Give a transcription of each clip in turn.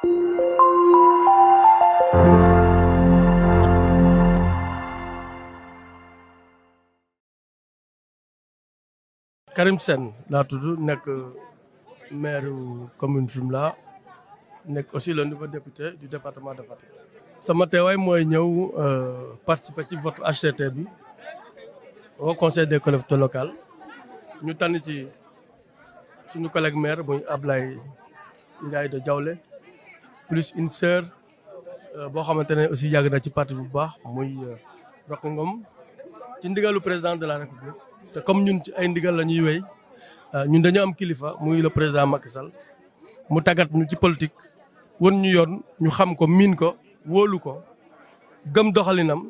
Karim laa tudd nekk maire commune Fimela nekk aussi le nouveau député du département de Fatick. sama teewaay mooy ñëw euh, participer ci vote HCT bi au conseil des collectivités locales ñu tànn ci suñu collègue maire muy Ablaye Ndiaye de Diawle. plus une sœur euh, boo xamante ne aussi yàgg na ci parti bu baax muy euh, Roqi Ngom ci ndigalu président de la république te comme ñun ci ay ndigal la ñuy wéy euh, ñun dañoo am kilifa muy le président Macky Sall mu tàggat ñu ci politique won ñu yoon ñu xam ko miin ko wóolu ko gëm doxalinam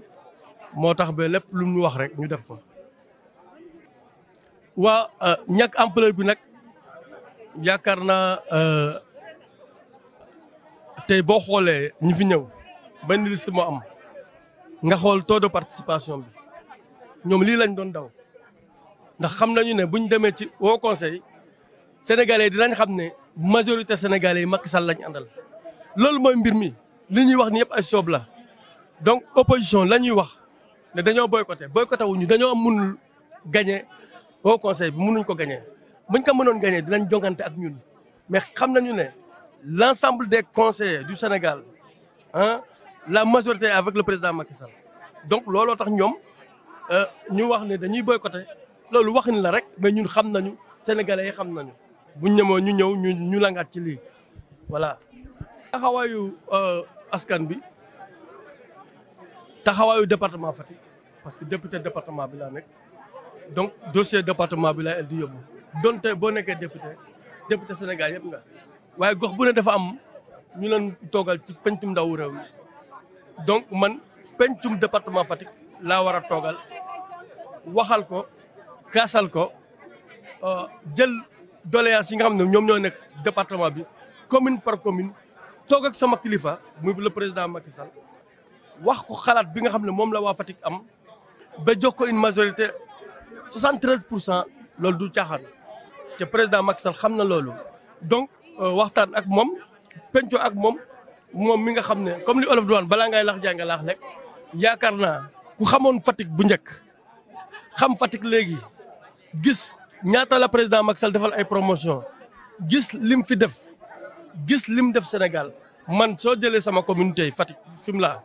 moo tax ba lépp lu ñu wax rek ñu def ko. waa ñàkk ampleur bi nag yaakaar naa. tey boo xoolee ñu fi ñëw benn liste moo am nga xool taux de participation bi ñoom lii lañ doon daw ndax xam nañu ne buñ demee ci au conseil sénégalais dinañ xam ne majorité sénégalais yi Macky Sall lañ àndal. loolu mooy mbir mi li ñuy wax ni yëpp ay soob la donc opposition la ñuy wax ne dañoo boycotté boycotté wuñu dañoo munul gagné au conseil bi mënuñ ko gagné buñ ko mënoon gagné dinañ jongante ak ñun mais xam nañu ne. l'ensemble de conseillers du Sénégal ah la majorité avec le président Macky Sall donc looloo tax ñoom euh, ñu wax ne dañuy boy boycotter loolu waxin la rek mais ñun xam nañu sénégalais yi xam nañu buñ ñemoo ñu ñëw ñu ñu langaat ci lii voilà. taxawaayu euh, askan bi taxawaayu département Fatick parce que député département bi laa nekk donc dossier département bi la el di yóbbu donte boo nekkee député député Sénégal yëpp nga. waaye gox bu ne dafa am ñu leen toogal ci pencum ndawu réew donc man pencum département Fatick laa war a toogal waxal ko kaasal ko euh, jël doléances yi nga xam ne ñoom ñoo nekk département bi commune par commune toog ak sama kilifa muy le président Macky Sall wax ko xalaat bi nga xam ne moom la waa Fatick am ba jox ko une majorité 73 pour loolu du caaxaan te président Macky Sall xam na loolu donc. Euh, waxtaan ak moom penco ak moom moom mi nga xam ne comme li olof di wax balaa ngay lax jàng laax yaakaar naa ku xamoon Fatick bu njëkk xam Fatick léegi gis ñaata la président Macky defal ay promotion gis lim fi def gis lim def Sénégal man soo jëlee sama communauté yi Fatick fi nga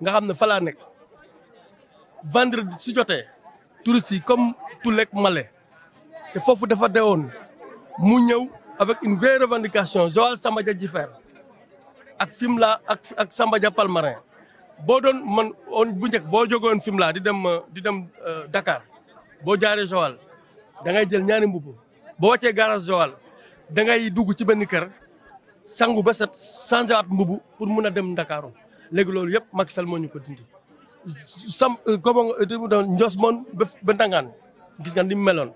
xam ne falaa laa nekk vendredi si jotee touristes yi comme Tulle ak Malé te foofu dafa dewoon mu ñëw. avec une vieille revendication Joal Samba Dia Djifer ak Fimela ak ak Samba Dia Palmarin boo doon man on bu njëkk boo jógoon Fimela di dem di dem euh, Dakar boo jaaree Joal dangay jël ñaari mbubb boo wàccee garage Joal dangay ngay dugg ci benn kër sangu ba set changé waat pour mun a dem Ndakaaru léegi loolu yëpp Macky Sall moo ko dindi sam gobo Ndios moon ba ba Ndangaan gis nga ni mu meloon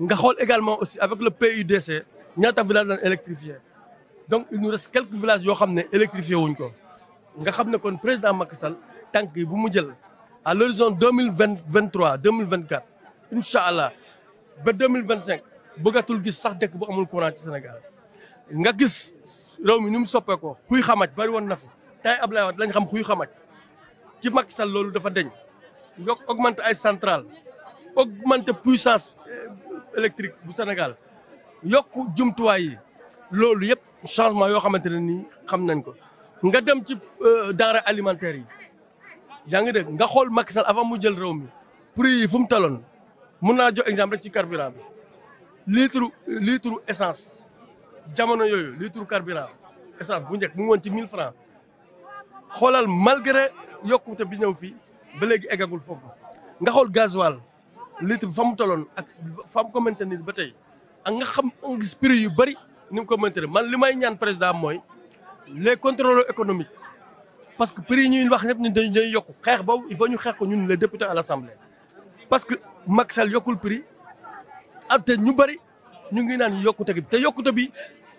nga xool également aussi avec le PUDC ñaata village lañ électrifié donc il nous reste quelques villages yoo xam ne électrifié wuñ ko nga xam ne kon président Macky Sall tànk bu mu jël à l'horizon deux mille vingt vingt trois deux mille vingt quatre incha allah ba deux mille vingt cinq bëggatul gis sax dëkk bu amul courant ci Sénégal nga gis réew mi ni mu soppeekoo xuy xamaj bari woon na fi tey Ablaye Wade lañ xam xuy xamaj ci Macky Sall loolu dafa deñ nga augmenter ay centrale augmenter puissance euh, électrique bu Sénégal yokk jumtuwaayi loolu yëpp changement yoo xamante ne nii xam nañ ko nga dem ci euh, denrée alimentaire yi yaa ngi dégg nga xool Macky Sall avant mu jël réew mi prix yi fu mu taloon mun naa jox exemple ci carburant bi litre litre essence jamono yooyu litre carburant essence bu njëkk mu ngi woon ci 1000 francs xoolal malgré yokkute bi ñëw fii ba léegi eggagul foofu nga xool gasoil litre bi fa mu taloon ak fa ni ba tey ak nga xam nga gis prix yu bëri ni mu ko mënti man li may ñaan président mooy les contrôleurs économique parce que prix yi ñuy wax ñëpp ñun dañu dañuy yokk xeex boobu il faut ñu xeex ko ñu ñun les députés à l'assemblée parce que Macky Sall yokkul prix ak ah, ñu bëri ñu ngi naan yokkute gi te yokkute bi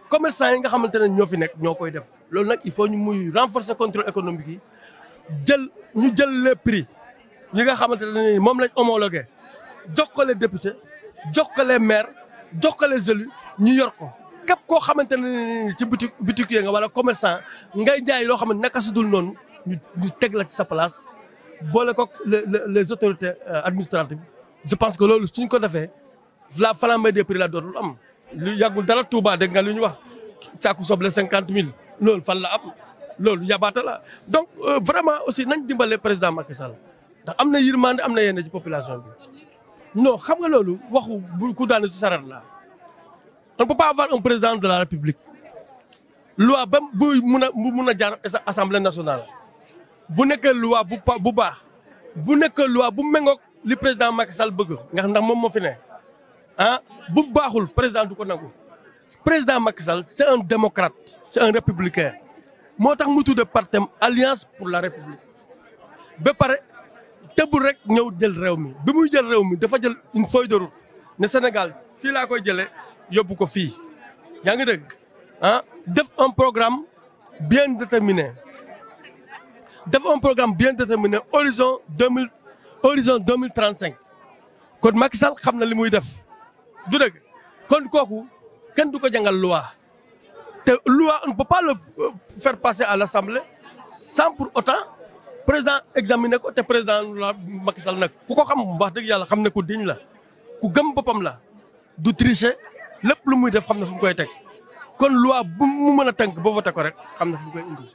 commerçant yi nga xamante ne ñoo fi nekk ñoo koy def loolu nag il faut ñu muy renforcer contrôle économique yi jël ñu jël le prix yi nga xamante ne moom lañ homologué jox ko les jox ko jox ko les élus ñu yor ko képp koo xamante ne ci boutique boutique nga wala commerçant nga jaay loo xam ne naka su dul noonu ñu ñu teg la ci sa place boole ko les les autorités euh, administratives je pense que loolu suñ ko defee la flambée des prix la dootul am. lu yàggul dara Touba dégg nga lu ñu wax saaku soble cinquante mille loolu fan la am loolu yabaata la donc euh, vraiment aussi nañ dimbale président Macky Sall ndax am na yërmande am na yenn ci population bi. non xam nga loolu waxu bu ku daanu si la on peut pas de la république loi ba bu mun a bu mun a jaar assemblée nationale bu nekkee loi bu bu baax bu nekkee loi bu méngoog li président Macky Sall bëgg nga ndax moom moo fi ne ah bu baaxul président du ko nangu président Macky Sall c'est un démocrate c'est un républicain moo tax mu tudde partem alliance pour la république ba tëbbul rek ñëw jël réew mi bi muy jël réew mi dafa jël une feuille de route ne Sénégal fii laa koy jëlee yóbbu ko fii yaa ngi dégg ah def un programme bien déterminé def un programme bien déterminé horizon deux mille horizon deux mille trente cinq kon Macky Sall xam na li muy def du dëgg kon kooku kenn du ko jangal loi te loi on ne peut le euh, faire passer à l'Assemblée sans pour autant président examiner ko te président la Macky Sall nag ku ko xam wax dëgg yàlla xam ne ku diñ la ku gëm boppam la du tricher lépp lu muy def xam ne fu mu koy teg kon loi bu mu mën a tënk ba voté ko rek xam na fu mu koy indi.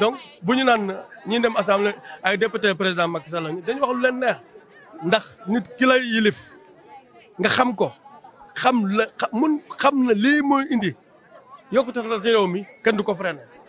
donc bu ñu naan ñi dem assemblée ay député président Macky Sall dañu wax lu leen neex ndax nit ki lay yilif nga xam ko xam la mun xam na lii mooy indi yokkute la ci réew mi kenn du ko freiné.